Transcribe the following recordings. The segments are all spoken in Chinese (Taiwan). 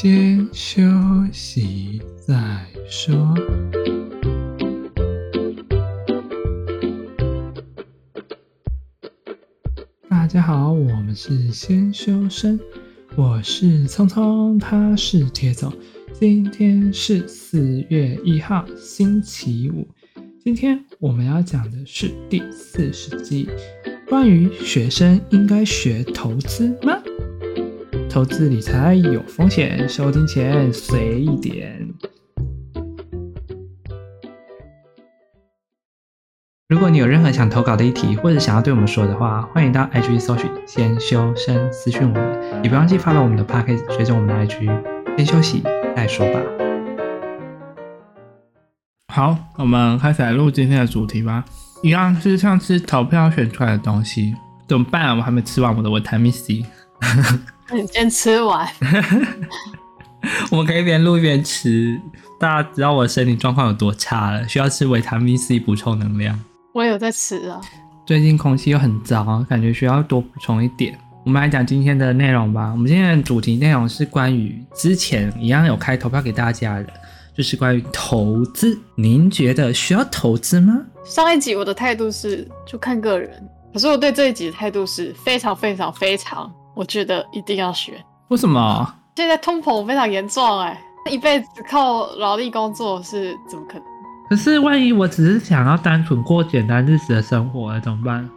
先休息再說。大家好，我們是先修身，我是聰聰，他是鐵總。今天是四月一號，星期五。今天我們要講的是第四十集，關於學生應該學投資嗎？投資理財有風險，收聽前隨意點。如果你有任何想投稿的議題，或者想要對我們說的話，歡迎到 IG 搜尋“先修身”，私訊我們。也別忘記 follow 我們的 Podcast 追蹤我們的 IG。先休息再說吧。好，我們開始來錄今天的主題吧。一樣、就是上次投票選出來的東西，怎麼辦、啊？我還沒吃完我的維他命 C。 你先吃完， 我們可以邊錄邊吃。大家知道我身體狀況有多差了，需要吃維他命 C 補充能量。我也有在吃啊。最近空氣又很糟，感覺需要多補充一點。我們來講今天的內容吧。我們今天的主題內容是關於之前一樣有開投票給大家的，就是關於投資。您覺得需要投資嗎？上一集我的態度是就看個人，可是我對這一集的態度是非常非常非常。我覺得一定要學，為什麼？現在通膨非常嚴重、欸，哎，一輩子靠勞力工作是怎麼可能？可是萬一我只是想要單純過簡單日子的生活了，怎麼辦？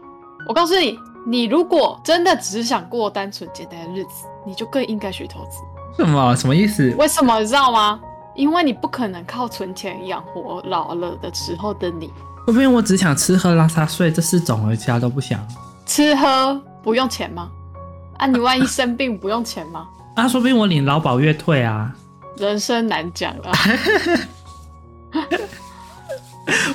我告訴你，你如果真的只是想過單純簡單的日子，你就更應該學投資。什麼？什麼意思？為什麼？你知道嗎？因為你不可能靠存錢養活老了的時候的你。會不會我只想吃喝拉撒睡這四種，回其他都不想？吃喝不用錢嗎？那、啊、你萬一生病不用錢嗎？那、啊、說不定我領勞保月退啊。人生難講啊。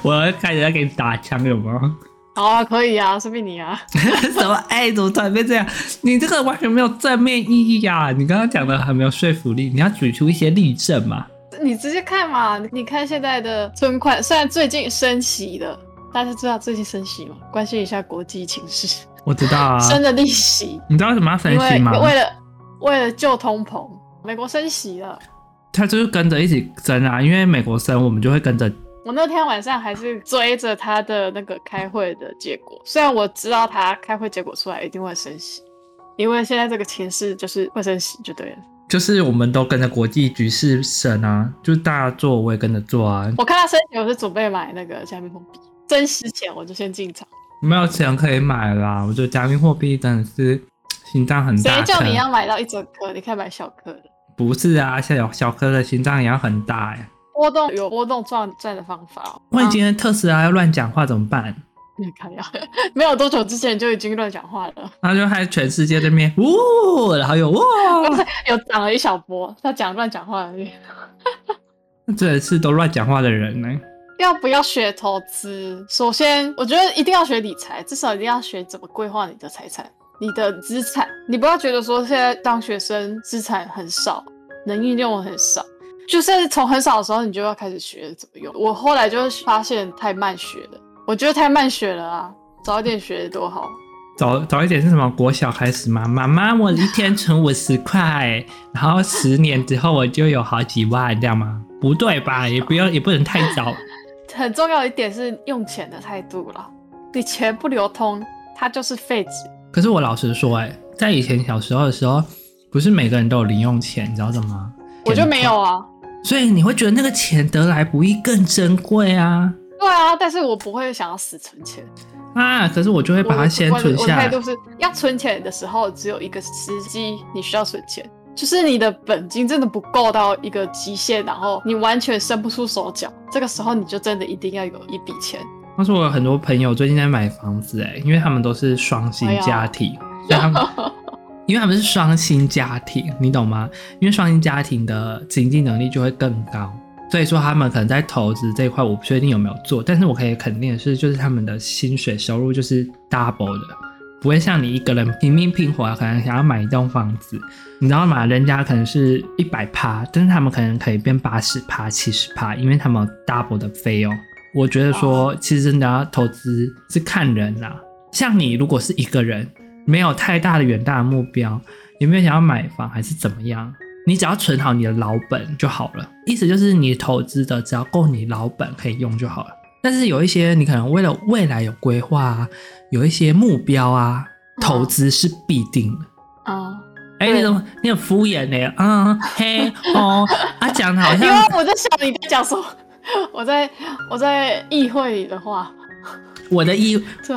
我要看人家給你打槍，有嗎？好啊，可以啊，說不定你啊。什麼？哎、欸，怎麼突然變這樣？你這個完全沒有正面意義啊！你剛剛講的很沒有說服力，你要舉出一些例證嘛？你直接看嘛，你看現在的存款，雖然最近升息了，大家知道最近升息嗎？關心一下國際情勢。我知道啊，升的利息，你知道為什麼要升息嗎？因為，因為，為了為了救通膨，美國升息了，他就是跟着一起升啊，因為美國升，我們就會跟着。我那天晚上還是追着他的那個開會的結果，雖然我知道他開會結果出來一定會升息，因為現在這個情勢就是會升息就對了。就是我們都跟着國際局勢升啊，就是大家做我也跟着做啊。我看到升息，我是準備買那個加密貨幣，升息前我就先進場。沒有錢可以買啦、啊、我覺得加密貨幣真的是心臟很大。誰叫你要買到一整顆？你可以買小顆的。不是啊，現在有小顆的心臟也要很大呀。波動有波動賺賺的方法。萬一今天特斯拉要亂講話怎麼辦？你看呀，沒有多久之前就已經亂講話了。那就害全世界這邊嗚，然後又嗚，有漲了一小波。他講亂講話而已。那 這一次都亂講話的人呢、欸？要不要學投資？首先，我覺得一定要學理財，至少一定要學怎麼規劃你的財產、你的資產。你不要覺得說現在當學生資產很少，能運用很少，就是從很少的時候你就要開始學怎麼用。我後來就發現太慢學了，我覺得太慢學了啊，早一點學得多好。早早一點是什麼？國小開始嗎？媽媽，我一天存五十塊， 然後十年之後我就有好幾萬， 這樣嗎？不對吧？也不要，也不能太早。 很重要一點是用錢的態度了，你錢不流通，它就是廢紙。可是我老實說、欸，哎，在以前小時候的時候，不是每個人都有零用錢，你知道的嗎？我就沒有啊，所以你會覺得那個錢得來不易，更珍貴啊。對啊，但是我不會想要死存錢啊，可是我就會把它先存下來。我，我態度是要存錢的時候，只有一個時機，你需要存錢。就是你的本金真的不夠到一個極限，然後你完全伸不出手腳，這個時候你就真的一定要有一筆錢。當時我有很多朋友最近在買房子，欸，哎，因為他們都是雙薪家庭，哎、呀所以他們， 因為他們是雙薪家庭，你懂嗎？因為雙薪家庭的經濟能力就會更高，所以說他們可能在投資這一塊我不確定有沒有做，但是我可以肯定的是，就是他們的薪水收入就是 double 的。不會像你一個人拼命拼活，可能想要買一棟房子，你知道嗎？人家可能是一百趴，但是他們可能可以變八十趴、七十趴，因為他們有 double 的費用。我覺得說，其實真的要投資是看人啦、啊。像你如果是一個人，沒有太大的遠大的目標，也沒有想要買房還是怎麼樣，你只要存好你的老本就好了。意思就是你投資的只要夠你老本可以用就好了。但是有一些你可能為了未來有規劃啊，有一些目標啊，投資是必定的哦。哎，你怎麼？你很敷衍呢、欸？嗯，嘿哦，啊，講的好像……因為我在想你在講什麼？我在我在議會裡的話，我的意對。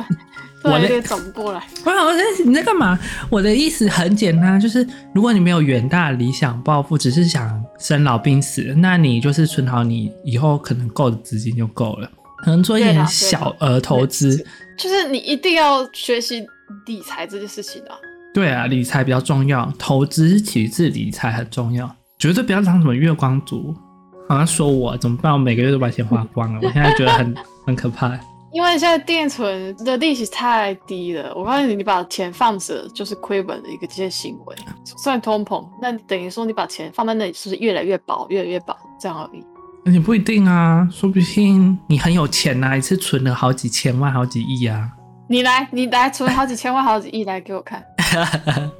我的對有點走不過來。不是，我在你在幹嘛？我的意思很簡單，就是如果你沒有遠大理想抱負，只是想生老病死，那你就是存好你以後可能夠的資金就夠了。可能做一點小額投資，啊啊，就是你一定要學習理財這件事情的，啊。對啊，理財比較重要，投資其實理財很重要，絕對不要當什麼月光族。好、啊，像說我怎麼辦？我每個月都把錢花光了， 我現在覺得很 很可怕。因為現在定存的利息太低了，我告訴你，你把錢放着就是虧本的一個這些行為。算通膨，那等於說你把錢放在那裡，是不是越來越薄，越來越薄這樣而已？你不一定啊，說不定你很有錢吶、啊，一次存了好幾千萬、好幾億啊！你來，你來存好幾千萬、 好幾億，來給我看。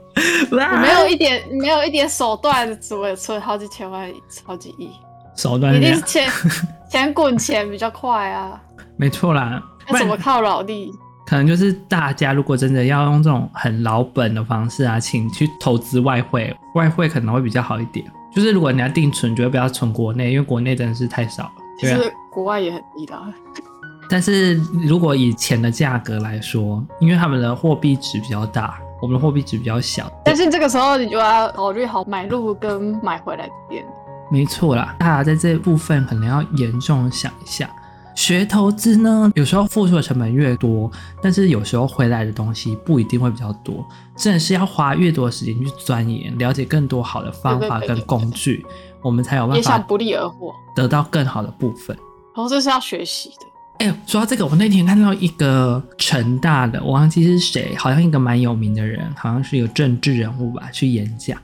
我沒有一點，沒有一點手段，怎麼存好幾千萬、好幾億？手段一定是錢， 錢滾錢比較快啊。沒錯啦，那怎麼靠老弟？可能就是大家如果真的要用這種很老本的方式啊，請去投資外汇，外汇可能會比較好一點。就是如果你要定存，絕對不要存國內，因為國內真的是太少了。啊、其實國外也很低的。但是如果以錢的價格來說，因為他們的貨幣值比較大，我們的貨幣值比較小。但是這個時候你就要考慮好買入跟買回來的點。沒錯啦，大家在這部分可能要嚴重想一下。學投資呢，有時候付出的成本越多，但是有時候回來的東西不一定會比較多。真的是要花越多的時間去鑽研，了解更多好的方法跟工具，我們才有辦法也想不勞而獲，得到更好的部分。哦，這是要學習的。哎、欸，說到這個，我那天看到一個成大的，我忘記是誰，好像一個蠻有名的人，好像是有政治人物吧，去演講。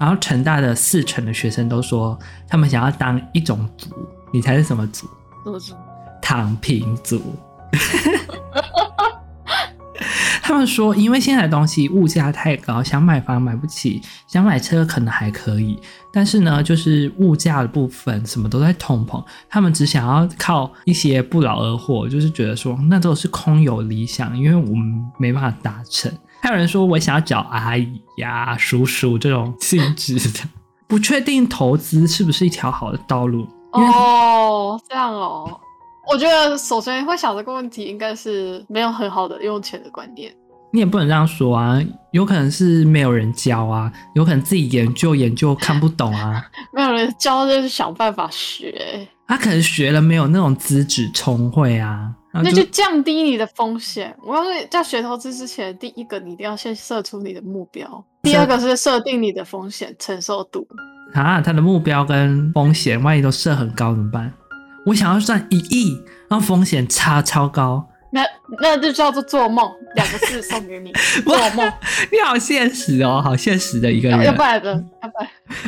然後成大的四成的學生都說，他們想要當一種族，你猜是什麼族？什麼族？躺平族， 他們說，因為現在的東西物價太高，想買房買不起，想買車可能還可以，但是呢，就是物價的部分什麼都在通膨，他們只想要靠一些不勞而獲，就是覺得說那都是空有理想，因為我們沒辦法達成。還有人說我想要找阿姨呀、啊、叔叔這種性質的，哦、 不確定投資是不是一條好的道路。哦，這樣哦。我覺得首先會想這個問題，應該是沒有很好的用錢的觀念。你也不能這樣說啊，有可能是沒有人教啊，有可能自己研究研究看不懂啊。 沒有人教就是想辦法學。他可能學了沒有那種資質聰慧啊，就那就降低你的風險。我要說，在學投資之前，第一個你一定要先設出你的目標，第二個是設定你的風險承受度。啊，他的目標跟風險萬一都設很高怎麼辦？我想要賺一億，然後風險差超高，那那就叫做做夢兩個字送給你， 我做夢。你好現實哦，好現實的一個人。要不然，要不然。要不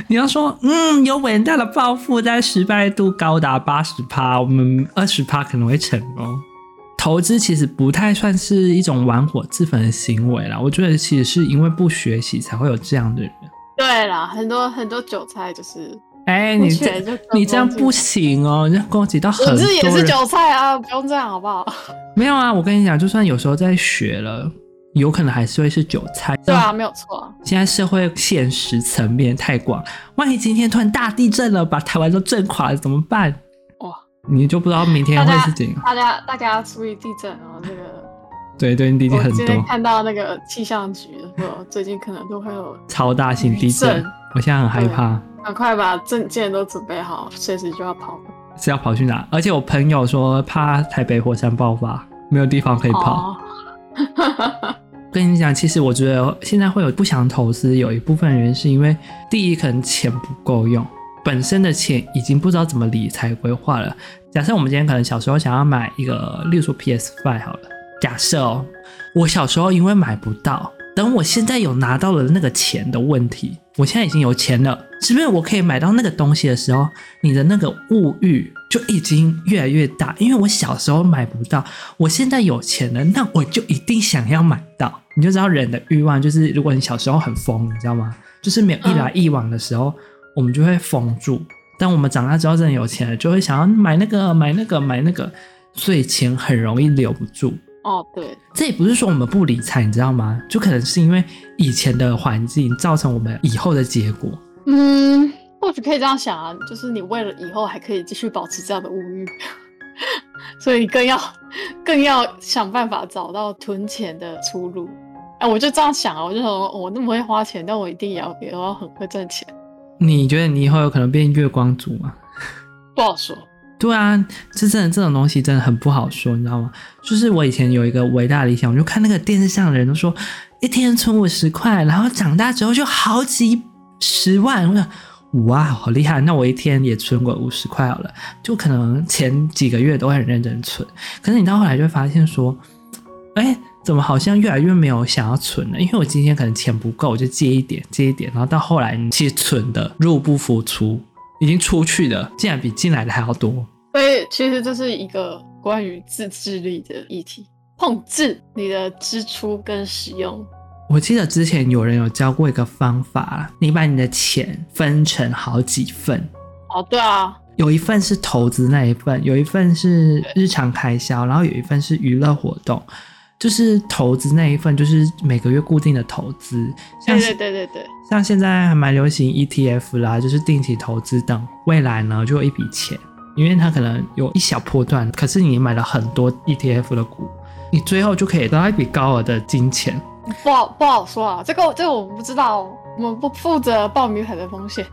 你要說，嗯，有偉大的抱負，但失敗度高達八十趴，我們二十趴可能會成功，哦。投資其實不太算是一種玩火自焚的行為啦。我覺得其實是因為不學習才會有這樣的人。對啦，很多很多韭菜就是。哎、欸，你這你這樣不行哦，你攻擊到很多。我自己也是韭菜啊，不用這樣好不好？沒有啊，我跟你講，就算有時候在學了，有可能還是會是韭菜。對啊，但 沒有錯。現在社會現實層面太廣，萬一今天突然大地震了，把台灣都震垮了怎麼辦？哇，你就不知道明天會是怎樣大。大家大家注意地震哦，這個。 對，對對，你弟弟很多。今天看到那個氣象局說，最近可能都會有超大型地震。 我現在很害怕，趕快把證件都準備好，隨時就要跑。是要跑去哪？而且我朋友說怕台北火山爆發，沒有地方可以跑。跟你講，其實我覺得現在會有不想投資，有一部分原因是因為第一可能錢不夠用，本身的錢已經不知道怎麼理財規劃了。假設我們今天可能小時候想要買一個例如說 PS5 好了，假設哦，我小時候因為買不到，等我現在有拿到了那個錢的問題。我現在已經有錢了，是不是我可以買到那個東西的時候，你的那個物欲就已經越來越大？因為我小時候買不到，我現在有錢了，那我就一定想要買到。你就知道人的欲望，就是如果你小時候很瘋，你知道嗎？就是沒有一來一往的時候，嗯、我們就會瘋住。但我們長大之後，真的有錢了，就會想要買那個，買那個，買那個，所以錢很容易留不住。哦，對，這也不是說我們不理財，你知道嗎？就可能是因為以前的環境造成我們以後的結果。嗯，或許可以這樣想啊，就是你為了以後還可以繼續保持這樣的物欲， 所以你更要更要想辦法找到存錢的出路。哎，我就這樣想啊，我就想說、哦、我那麼會花錢，但我一定要也要很會賺錢。你覺得你以後有可能變月光族嗎？不好說。對啊，這真的這種東西真的很不好說，你知道嗎？就是我以前有一個偉大的理想，我就看那個電視上的人，都說一天存五十塊，然後長大之後就好幾十萬。我想，哇，好厲害！那我一天也存個五十塊好了，就可能前幾個月都很認真存，可是你到後來就會發現說，哎，怎麼好像越來越沒有想要存了？因為我今天可能錢不夠，我就借一點，借一點，然後到後來其實存的入不敷出。已經出去的竟然，比進來的還要多，所以其實這是一個關於自制力的議題，控制你的支出跟使用。我記得之前有人有教過一個方法，你把你的錢分成好幾份。哦，對啊，有一份是投資那一份，有一份是日常開銷，對然後有一份是娛樂活動。就是投資那一份，就是每個月固定的投資，像是對對對對對，像現在還蠻流行 ETF 啦，就是定期投資，等未來呢就有一筆錢，因為它可能有一小波段，可是你買了很多 ETF 的股，你最後就可以得到一筆高額的金錢。不好不好說啊，這個這個我們不知道，我們不負責爆米花的風險。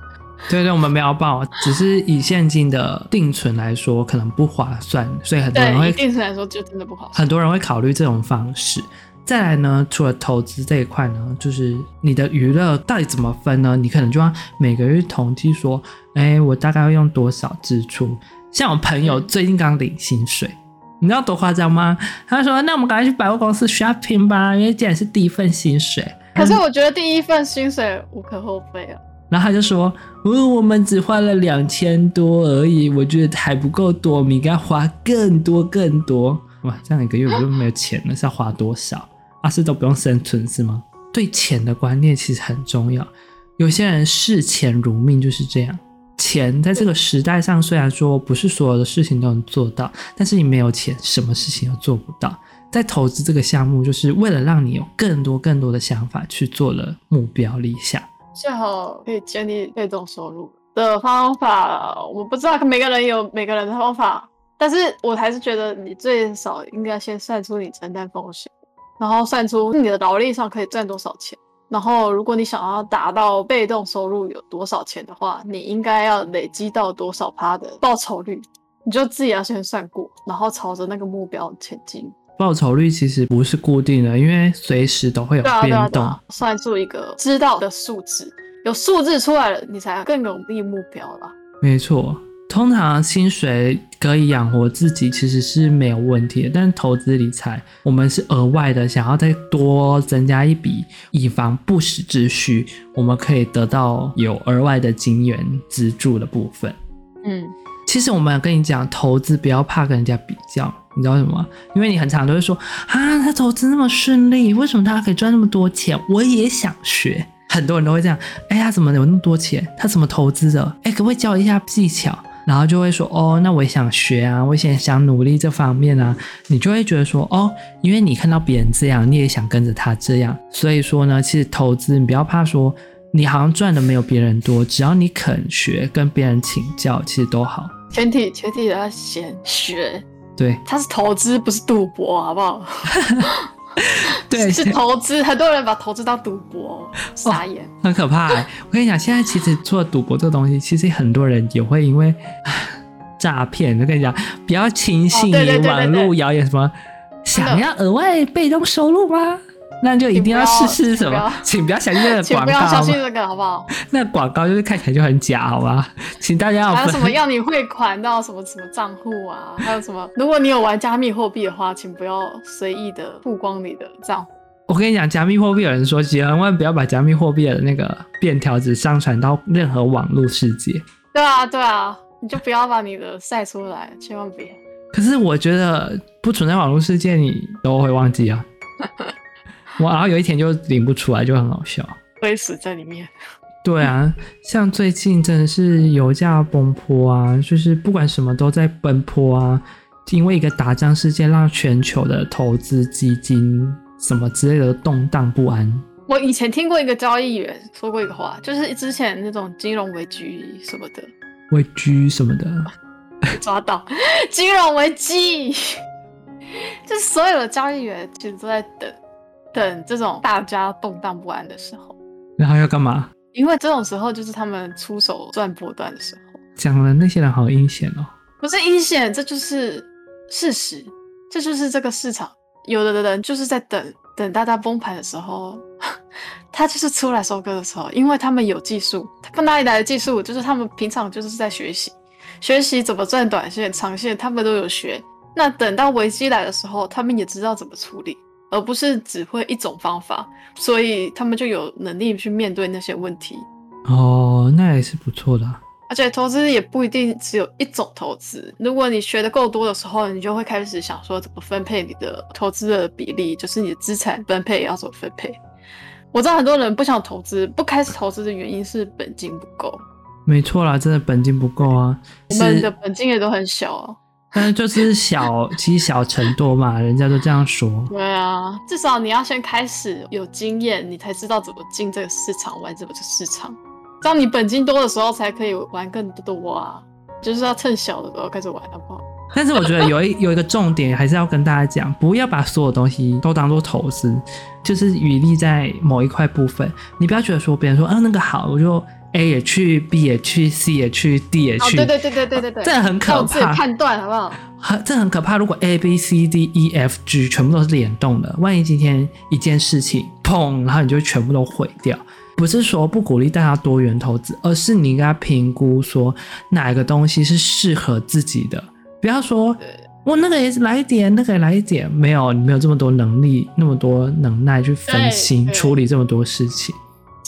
對對，我們沒有報，只是以現金的定存來說，可能不划算，所以很多人會定存來說就真的不划算。很多人會考慮這種方式。嗯、再來呢，除了投資這一塊呢，就是你的娛樂到底怎麼分呢？你可能就要每個月統計說，哎，我大概要用多少支出。像我朋友最近剛領薪水，嗯、你知道多誇張嗎？他說：“那我們趕快去百貨公司 shopping 吧，因為既然是第一份薪水。”可是我覺得第一份薪水無可厚非啊。然後他就說：“嗯、哦，我們只花了兩千多而已，我覺得還不夠多，我們應該花更多更多。哇，這樣一個月我又沒有錢了，是要花多少？啊，是都不用生存是嗎？對錢的觀念其實很重要，有些人視錢如命就是這樣。錢在這個時代上，雖然說不是所有的事情都能做到，但是你沒有錢，什麼事情都做不到。在投資這個項目，就是為了讓你有更多更多的想法去做了目標理想。”最好可以建立被動收入的方法，我不知道每個人有每個人的方法，但是我還是覺得你最少應該先算出你承擔風險，然後算出你的勞力上可以賺多少錢，然後如果你想要達到被動收入有多少錢的話，你應該要累積到多少趴的報酬率，你就自己要先算過，然後朝着那個目標前進。報酬率其實不是固定的，因為隨時都會有變動，啊啊啊。算出一個知道的數字，有數字出來了，你才更容易目標吧？沒錯，通常薪水可以養活自己其實是沒有問題的，但投資理財，我們是額外的，想要再多增加一筆，以防不時之需，我們可以得到有額外的金源資助的部分。嗯。其實我們跟你講，投資不要怕跟人家比較，你知道為什麼？因為你很常都會說啊，他投資那麼順利，為什麼他可以賺那麼多錢？我也想學。很多人都會這樣，哎，他怎麼有那麼多錢？他怎麼投資的？哎，可不可以教一下技巧？然後就會說，哦，那我也想學啊，我以前想努力這方面啊。你就會覺得說，哦，因為你看到別人這樣，你也想跟着他這樣。所以說呢，其實投資你不要怕說你好像賺的沒有別人多，只要你肯學，跟別人請教，其實都好。全體全體都要先學，對，它是投資，不是賭博，好不好？ 對，是投資，對很多人把投資當賭博，哦、傻眼，很可怕、欸。我跟你講，現在其實做賭博這個東西，其實很多人也會因為 詐騙。我跟你講，不要輕信網絡謠言，什麼、哦、想要額外被動收入嗎？那就一定要試試什麼，請不要相信這個廣告，不要相信這個，好不好？ 那廣告就是看起來就很假好不好？好吧，請大家還有什麼要你匯款到什麼什麼賬戶啊？ 還有什麼？如果你有玩加密貨幣的話，請不要隨意的曝光你的賬戶。我跟你講，加密貨幣有人說，千萬不要把加密貨幣的那個便條紙上傳到任何網絡世界。對啊，對啊，你就不要把你的曬出來，千萬別。可是我覺得不存在網絡世界，你都會忘記啊。 我然後有一天就領不出來，就很好笑，會死在裡面。 對啊，像最近真的是油價崩潰啊，就是不管什麼都在崩潰啊，因為一個打仗事件讓全球的投資基金什麼之類的動盪不安。我以前聽過一個交易員說過一個話，就是之前那種金融危機什麼的，危機什麼的， 抓到金融危機， 就所有的交易員其實都在等。等這種大家動盪不安的時候，然後要幹嘛？因為這種時候就是他們出手賺波段的時候。講了那些人好陰險哦，不是陰險，這就是事實，這就是這個市場。有的人就是在等，等大家崩盤的時候，他就是出來收割的時候，因為他們有技術。他們哪裡來的技術？就是他們平常就是在學習，學習怎麼賺短線、長線，他們都有學。那等到危機來的時候，他們也知道怎麼處理。而不是只會一種方法，所以他們就有能力去面對那些問題。哦，那也是不錯的啊。而且投資也不一定只有一種投資。如果你學得夠多的時候，你就會開始想說怎麼分配你的投資的比例，就是你的資產分配也要怎麼分配。我知道很多人不想投資，不開始投資的原因是本金不夠。沒錯啦，真的本金不夠啊，對是我們的本金也都很小但是就是小積 小成多嘛，人家都這樣說。對啊，至少你要先開始有經驗，你才知道怎麼進這個市場，玩怎麼去市場。當你本金多的時候，才可以玩更多啊。就是要趁小的時候開始玩，好不好？但是我覺得有一有一個重點，還是要跟大家講， 不要把所有東西都當做投資，就是餘力在某一塊部分，你不要覺得說別人說啊、呃、那個好，我就。A 也去，B 也去，C 也去，D 也去，哦。對對對對對對對、哦，這很可怕。要自己判斷，好不好？很，這很可怕。如果 A、B、C、D、E、F、G 全部都是聯動的，萬一今天一件事情，砰，然後你就全部都毀掉。不是說不鼓勵大家多元投資，而是你應該評估說哪個東西是適合自己的。不要說我、哦、那個也是來一點，那個也來一點，沒有，你沒有這麼多能力，那麼多能耐去分心處理這麼多事情。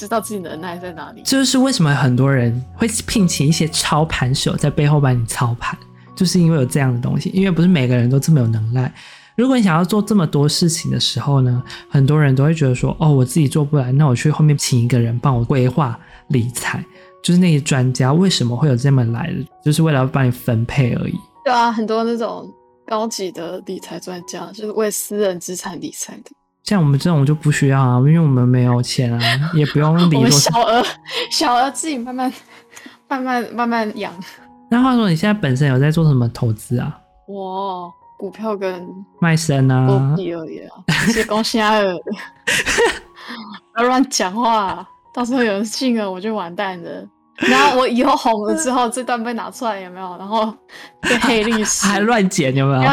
知道自己能耐在哪裡，這就是為什麼很多人會聘請一些操盤手在背後幫你操盤，就是因為有這樣的東西，因為不是每個人都這麼有能耐。如果你想要做這麼多事情的時候呢，很多人都會覺得說，哦，我自己做不來，那我去後面請一個人幫我規劃理財，就是那些專家為什麼會有這麼來的，就是為了要幫你分配而已。對啊，很多那種高級的理財專家，就是為私人資產理財的。像我們這種就不需要啊，因為我們沒有錢啊，也不用理小。小額，小額自己慢慢、慢慢、慢慢養。那話說，你現在本身有在做什麼投資啊？哇，股票跟賣身啊？而已啊，恭喜啊！不 要亂講話，到時候有人信了，我就完蛋了。然後我以後紅了之後， 這段被拿出來有沒有？然後被黑歷史，還亂剪有沒有？不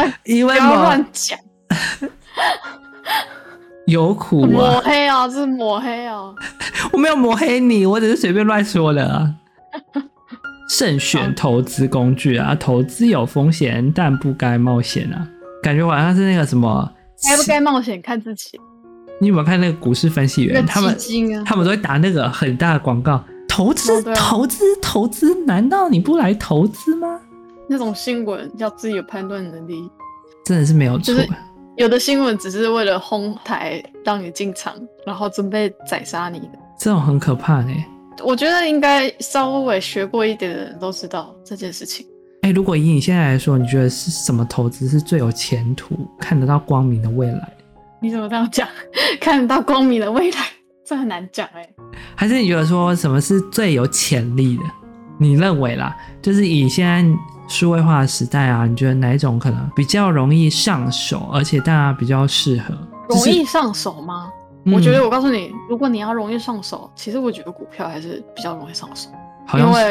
要亂講。 有苦啊！抹黑啊！這是抹黑啊！ 我沒有抹黑你，我只是隨便亂說的啊。 慎選投資工具啊！投資有風險，但不該冒險啊！感覺好像是那個什麼……該不該冒險看自己。你有沒有看那個股市分析員？啊、他們他們都會打那個很大的廣告，投資對、投資、投資，難道你不來投資嗎？那種新聞要自己有判斷能力，真的是沒有錯。就是有的新聞只是為了哄抬，讓你進場，然後準備宰殺你的，這種很可怕嘞、欸。我覺得應該稍微學過一點的人都知道這件事情。誒、欸，如果以你現在來說，你覺得是什麼投資是最有前途、看得到光明的未來？你怎麼這樣講？ 看得到光明的未來，這很難講誒、欸。還是你覺得說什麼是最有潛力的？你認為啦，就是以現在。數位化的時代啊，你覺得哪一種可能比較容易上手，而且大家比較適合？容易上手嗎？嗯，我覺得我告訴你，如果你要容易上手，其實我覺得股票還是比較容易上手。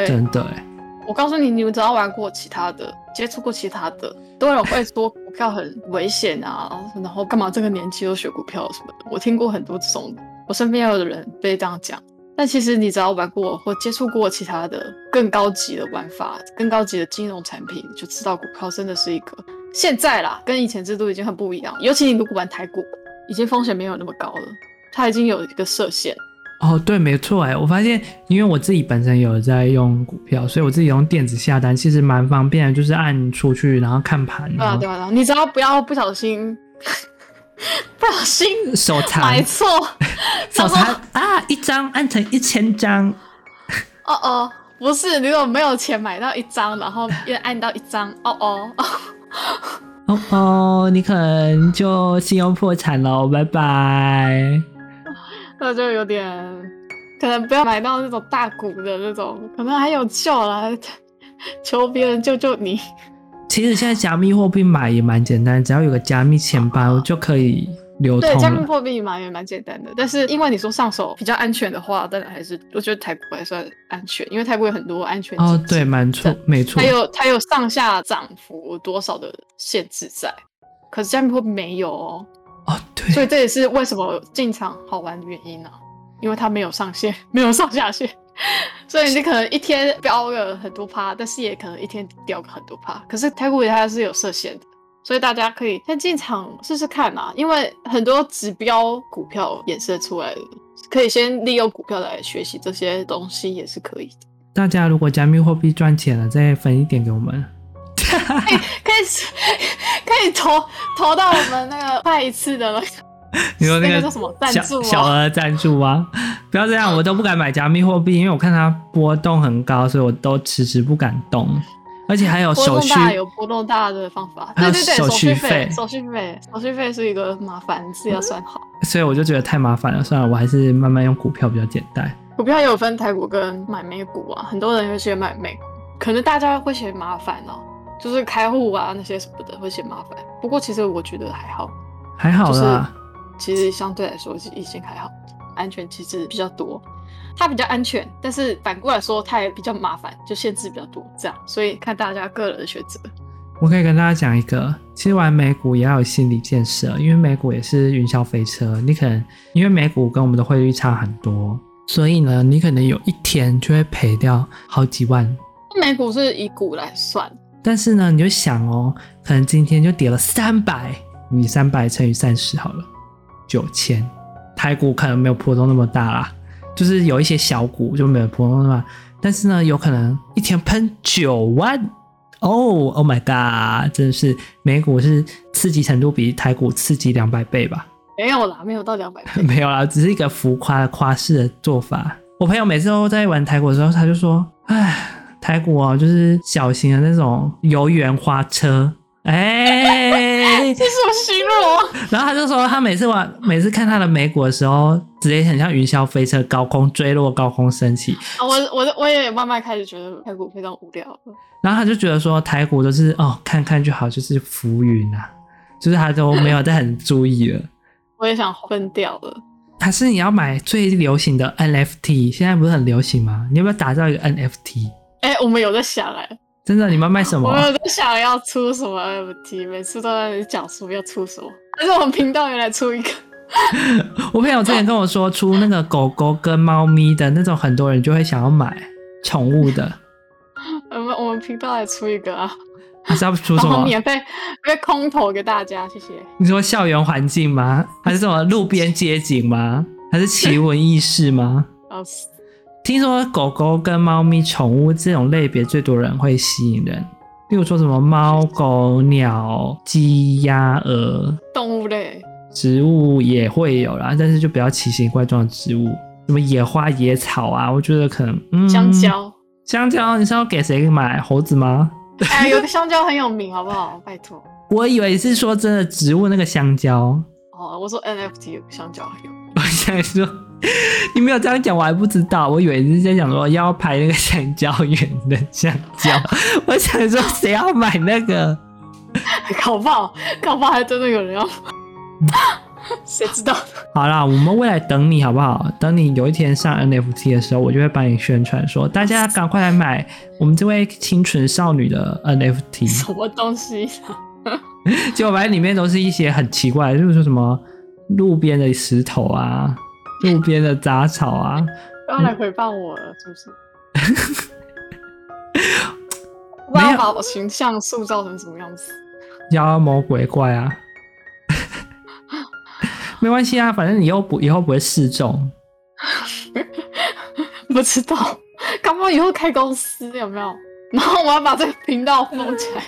真的欸。我告訴你，你們只要玩過其他的，接觸過其他的，都有會說股票很危險啊， 然後幹嘛這個年紀又學股票什麼的。我聽過很多這種，我身邊有的人被這樣講。但其實你只要玩過或接觸過其他的更高級的玩法，更高級的金融產品，就知道股票真的是一個。現在啦，跟以前制度已經很不一樣。尤其你如果玩台股，已經風險沒有那麼高了，它已經有一個設限。哦，對，沒錯，哎，我發現因為我自己本身有在用股票，所以我自己用電子下單其實蠻方便的，就是按出去，然後看盤。對啊，對啊，然後你只要不要不小心。 不小心手殘，買錯，手殘啊！一張按成一千張，哦哦，不是，你怎麼沒有錢買到一張，然後又按到一張？哦哦，哦哦，你可能就信用破產嘍，拜拜 bye。那就有點，可能不要買到那種大股的那種，可能還有救了，求別人救救你。其實現在加密貨幣買也蠻簡單，只要有個加密錢包就可以流通了。哦、對，加密貨幣買也蠻簡單的，但是因為你說上手比較安全的話，當然還是我覺得泰國還算安全，因為泰國有很多安全機制哦，對，蠻但沒錯，沒錯。它有它有上下漲幅多少的限制在，可是加密貨幣沒有哦。哦，對。所以這也是為什麼進場好玩的原因呢。啊？因為它沒有上限，沒有上下限。 所以你可能一天飆了很多趴，但是也可能一天掉很多趴。可是台股它是有設限的，所以大家可以先進場試試看啦、啊。因為很多指標股票演釋出來的，可以先利用股票來學習這些東西也是可以的。大家如果加密貨幣賺錢了，再分一點給我們。 可以可以，可以投投到我們那個派一次的那個。你說那個，那個叫什麼？贊助？小？小額贊助啊，不要這樣，我都不敢買加密貨幣，因為我看它波動很高，所以我都遲遲不敢動。而且還有手續費，波有波動大的方法，手續費對對對，手續費、手續費、手續費是一個麻煩，是要算好。所以我就覺得太麻煩了，算了，我還是慢慢用股票比較簡單。股票有分台股跟買美股啊，很多人會選買美股，可能大家會嫌麻煩哦、啊，就是開戶啊那些什麼的會嫌麻煩。不過其實我覺得還好，還好啊。就是其實相對來說是已經還好，安全機製比較多，它比較安全，但是反過來說它也比較麻煩，就限制比較多這樣，所以看大家個人的選擇。我可以跟大家講一個，其實玩美股也要有心理建設，因為美股也是雲霄飛車，你可能因為美股跟我們的匯率差很多，所以呢，你可能有一天就會賠掉好幾萬。美股是以股來算，但是呢，你就想哦，可能今天就跌了三百，你三百乘以三十好了。九千，000, 台股可能沒有波動那麼大啦，就是有一些小股就沒有波動那麼大，但是呢，有可能一天噴九萬哦 oh,，Oh my god，真的是美股是刺激程度比台股刺激兩百倍吧？沒有啦，沒有到兩百倍， 沒有啦，只是一個浮誇的誇飾的做法。我朋友每次都在玩台股的時候，他就說：“哎，台股哦、喔，就是小型的那種遊園花車。欸”哎。你什麼形容？ 然後他就說，他每次玩，每次看他的美股的時候，直接很像雲霄飛車，高空墜落，高空升起。我我我也慢慢開始覺得台股非常無聊。然後他就覺得說，台股都是哦看看就好，就是浮雲啊，就是他都沒有再很注意了。 我也想分掉了。還是你要買最流行的 NFT？現在不是很流行嗎？你有沒有打造一個 NFT？哎、欸，我們有在想哎、欸。真的？你們賣什麼？我都想要出什麼 M T，每次都在講說要出什麼。但是我們頻道也來出一個。 我朋友之前跟我說出那個狗狗跟貓咪的那種，很多人就會想要買寵物的。我們我們頻道來出一個啊！你知道出什麼？然後免費免費空投給大家，謝謝。你說校園環境嗎？還是什麼路邊街景嗎？還是奇聞異事嗎？ 聽說狗狗跟貓咪、寵物這種類別最多人會吸引人，例如說什麼貓、狗、鳥、雞、鴨、鵝，動物類，植物也會有啦，但是就不要奇形怪狀的植物，什麼野花、野草啊，我覺得可能、嗯、香蕉。香蕉，你是要給誰買猴子嗎？哎、欸，有個香蕉很有名， 好不好？拜託，我以為是說真的植物那個香蕉。哦，我說 NFT 有個香蕉很有名，我現在說。你沒有這樣講，我還不知道。我以為你是在講說要拍那個橡膠園的橡膠。我想說，誰要買那個？搞不好，搞不好，還真的有人要？誰、嗯、知道？好啦，我們未來等你好不好？等你有一天上 NFT 的時候，我就會幫你宣傳說，大家趕快來買我們這位清純少女的 NFT。什麼東西、啊？結果發現裡面都是一些很奇怪，就是說什麼路邊的石頭啊。路邊的雜草啊，不要來回放我了，嗯，是不是？ 我不要把我形象塑造成什麼樣子？妖魔鬼怪啊， 沒關係啊，反正你以後不，以後不會示眾。 不知道，剛剛以後開公司有沒有？然後我要把這個頻道弄起來，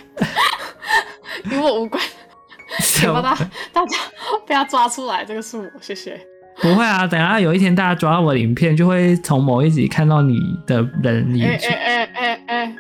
與 我無關。什麼大家大家被他抓出來？這個是我，謝謝。不會啊，等下有一天大家抓到我的影片，就會從某一集看到你的人影子。哎哎哎哎，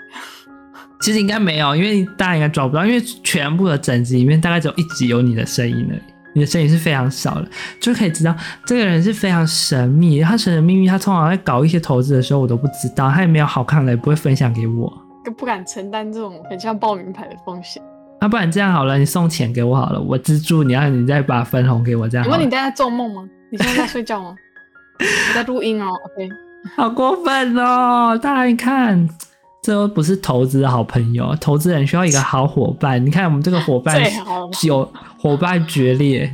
其實應該沒有，因為大家應該抓不到，因為全部的整集裡面大概只有一集有你的聲音而已，你的聲音是非常少的，就可以知道這個人是非常神秘。他神神秘秘，他通常在搞一些投資的時候，我都不知道，他也沒有好看的，也不會分享給我，就不敢承擔這種很像報明牌的風險。那、啊、不然這樣好了，你送錢給我好了，我資助你、啊，然後你再把分紅給我這樣。那你正在做夢嗎？你現在在睡覺嗎？你在錄音哦。OK，好過分哦！大家一看，這都不是投資的好朋友，投資人需要一個好伙伴。 你看，我們這個伙伴最好有伙伴決裂。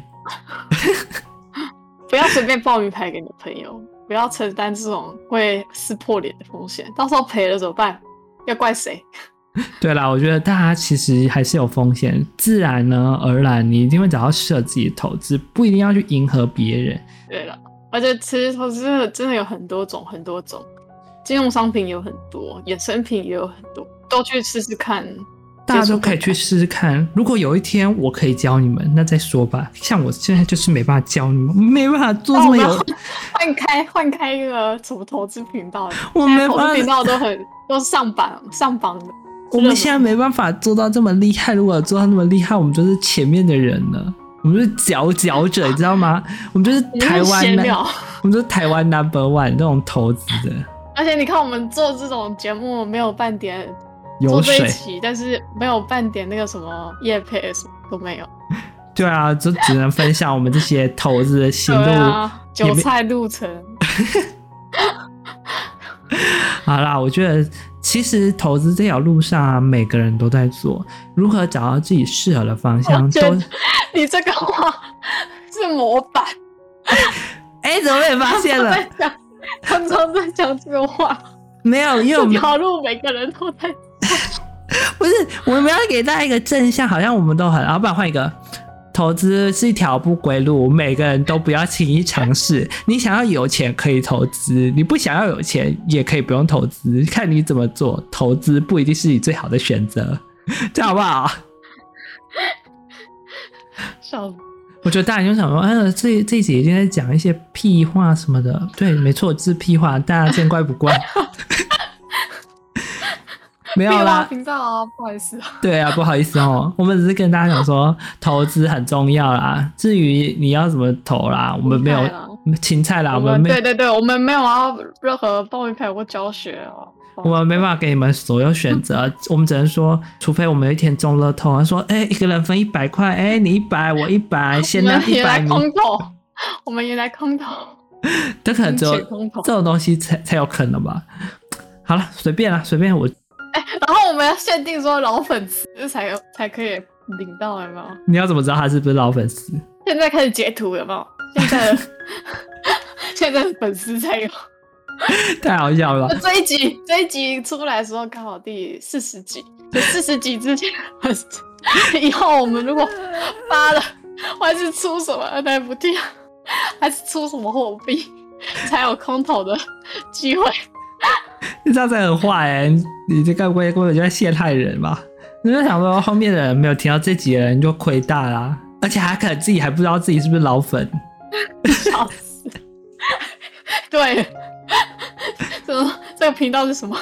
不要隨便報名牌給你的朋友，不要承擔這種會撕破臉的風險。到時候賠了怎麼辦？要怪誰？對啦，我覺得大家其實還是有風險，自然而然，你一定會找到適合自己的投資，不一定要去迎合別人。對了，而且其實投資真的有很多種，很多種，金融商品也有很多，衍生品也有很多，都去試試看，大家都可以去試試看。試試看。如果有一天我可以教你們，那再說吧。像我現在就是沒辦法教你們，沒辦法做這麼有，換開換開一個什麼投資頻道，我們投資頻道都很，都是上榜上榜的。我們現在沒辦法做到這麼厲害。如果做到那麼厲害，我們就是前面的人了，我們就是佼佼者，你知道嗎？我們就是台灣，我們就是台灣 number one 那種投資的。而且你看，我們做這種節目沒有半點油水，但是沒有半點那個什麼業配什麼都沒有。對啊，就只能分享我們這些投資的心路，韭菜路程。 好啦，我覺得其實投資這條路上、啊，每個人都在做，如何找到自己適合的方向。Okay, 都，你這個話是模板。哎、欸，怎麼被發現了？他們在講，他們都在講這個話，沒有，因為我們跑路每個人都在，不是，我們要給大家一個正向，好像我們都很，要不然換一個。投資是一條不歸路，每個人都不要輕易嘗試。你想要有錢可以投資，你不想要有錢也可以不用投資，看你怎麼做。投資不一定是你最好的選擇， 這樣好不好？笑子，我覺得大家就想說，哎、呃，這這姐姐在講一些屁話什麼的。對，沒錯，是屁話，大家見怪不怪。哎沒有啦，頻道啊，不好意思。對啊，不好意思哦。我們只是跟大家講說，投資很重要啦。至於你要怎麼投啦，我們沒有青菜啦，我們沒。對對對，我們沒有啊，任何教育頻道有過教學哦。我們沒辦法給你們所有選擇，我們只能說，除非我們有一天中樂透啊，說哎，一個人分一百塊，哎，你一百，我一百，現在你也來空投，我們也來空投，這可能只有這種東西才才有可能吧。好了，隨便啦，隨便我。然後我們要限定說老粉絲才有才可以領到，有嗎？你要怎麼知道他是不是老粉絲？現在開始截圖了，有沒有？現在 現在是粉絲才有，太好笑了。這一集這一集出來的時候剛好第四十集，四十集之前， 以後我們如果發了，還是出什麼還不定，還是出什麼貨幣才有空投的機會。欸、你知道這很壞，你這幹不幹？根本就在陷害人嘛！你就想說後面的人沒有聽到這集的人就虧大了，啊，而且還可能自己還不知道自己是不是老粉。笑死！對，怎麼這個頻道是什麼？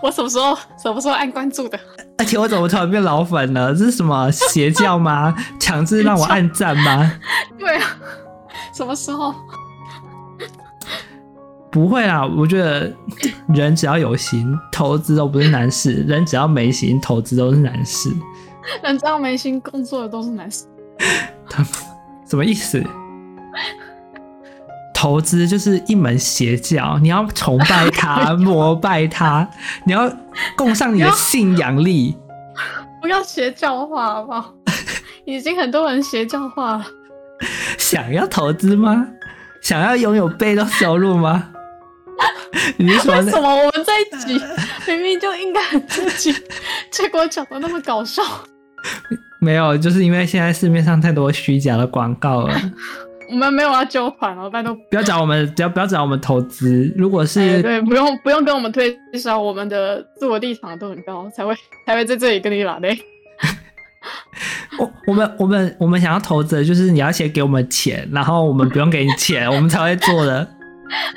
我什麼時候什麼時候按關注的？而且我怎麼突然變老粉了？這是什麼邪教嗎？強制讓我按讚嗎？對啊，什麼時候？不會啦，我覺得人只要有心， 投資都不是難事；人只要沒心，投資都是難事。人只要沒心工作的都是難事。什麼 什麼意思？投資就是一門邪教，你要崇拜它，膜 拜它， 你要供上你的信仰力。要不要邪教化好不好？ 已經很多人邪教化了。想要投資嗎？想要擁有被動收入嗎？ 你說什麼，我們這一集明明就應該很正經，結果講的那麼搞笑？ 沒有，就是因為現在市面上太多虛假的廣告了。我們沒有要糾款我、哦、們都不要找我們，不要不要找我們投資。如果是、哎、對，不用不用跟我們推銷，我們的自我立場都很高，才會才會在這裡跟你聊的。 我我們我們我們想要投資，的就是你要先給我們錢，然後我們不用給你錢， 我們才會做的。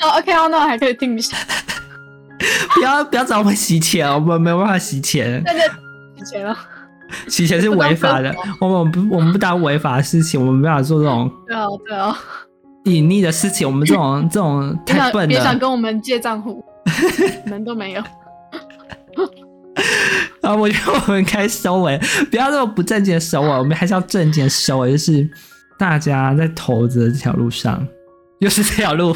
哦、oh，OK，哦，那我還可以聽一下。不要，不要找我們洗錢，我們沒有辦法洗錢。那就洗錢了。洗錢是違法的，我們不，我們不打違法的事情，我們沒辦法做這種。對哦，對哦。隱匿的事情，我們這種這種太笨了。別想，別想跟我們借賬戶，門 都沒有。啊，我覺得我們該收尾，不要這麼不正經的收尾，我們還是要正經的收尾，就是大家在投資的這條路上，又、就是這條路。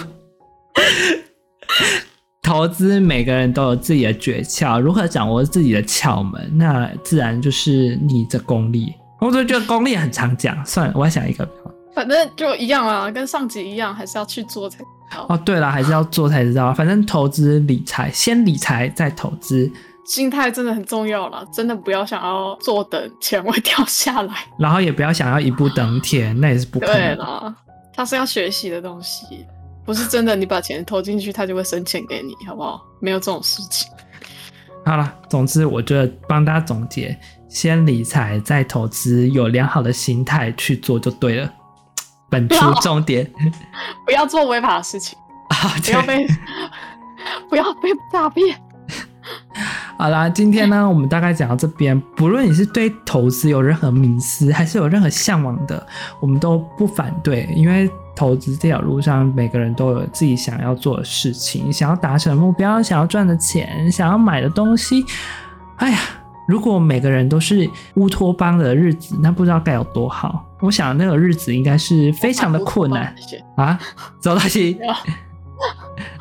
投資，每個人都有自己的訣竅。如何掌握自己的竅門？那自然就是你的功力。我、哦、總覺得這個功力很常講，算了，我要想一個。反正就一樣啊，跟上集一樣，還是要去做才知道。哦，對了，還是要做才知道。反正投資理財，先理財再投資，心態真的很重要啦。真的不要想要坐等錢會掉下來，然後也不要想要一步登天，那也是不可能的。他是要學習的東西。不是真的，你把錢投進去，他就會生錢給你，好不好？沒有這種事情。好了，總之我覺得，我就幫大家總結：先理財，再投資，有良好的心態去做就對了。本出重點，不要，不要做違法的事情啊、oh, okay。不要被不要被詐騙。好啦，今天呢，我們大概講到這邊。不論你是對投資有任何迷思，還是有任何向往的，我們都不反對，因為。投資這條路上，每個人都有自己想要做的事情，想要達成目標，想要賺的錢，想要買的東西。哎呀，如果每個人都是烏托邦的日子，那不知道該有多好。我想那個日子應該是非常的困難啊，走東西！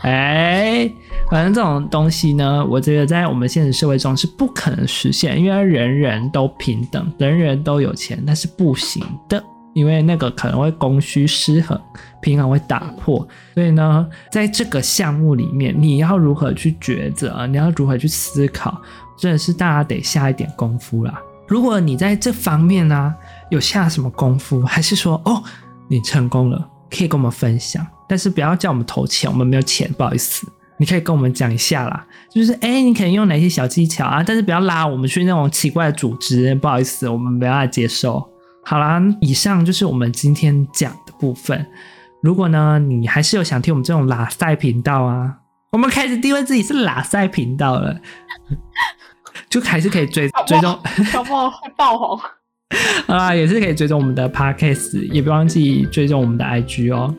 哎，反正這種東西呢，我覺得在我們現實社會中是不可能實現，因為人人都平等，人人都有錢，那是不行的。因為那個可能會供需失衡，平衡會打破，所以呢，在這個項目裡面，你要如何去抉擇？你要如何去思考？真的是大家得下一點功夫啦。如果你在這方面呢、啊、有下什麼功夫，還是說哦，你成功了，可以跟我們分享，但是不要叫我們投錢，我們沒有錢，不好意思。你可以跟我們講一下啦，就是哎，你可能用哪些小技巧啊？但是不要拉我們去那種奇怪的組織，不好意思，我們沒辦法接受。好啦，以上就是我們今天講的部分。如果呢，你還是有想聽我們這種拉塞頻道啊，我們開始定位自己是拉塞頻道了，就還是可以追婆追蹤中，會不會爆紅啊？好啦，也是可以追蹤我們的 Podcast，也不要忘記追蹤我們的 IG 哦。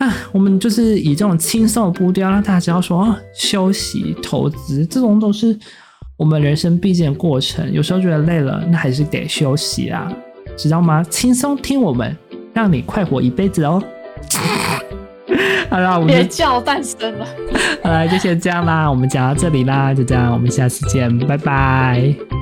啊，我們就是以這種輕鬆的步調，讓大家知道說哦，休息、投資這種都是我們人生必經的過程。有時候覺得累了，那還是得休息啊。知道嗎？輕鬆聽我們，讓你快活一輩子哦。 好啦吧，我們別叫我誕生了。 好啦，就先這樣啦。我們講到這裡啦，就這樣，我們下次見，拜拜。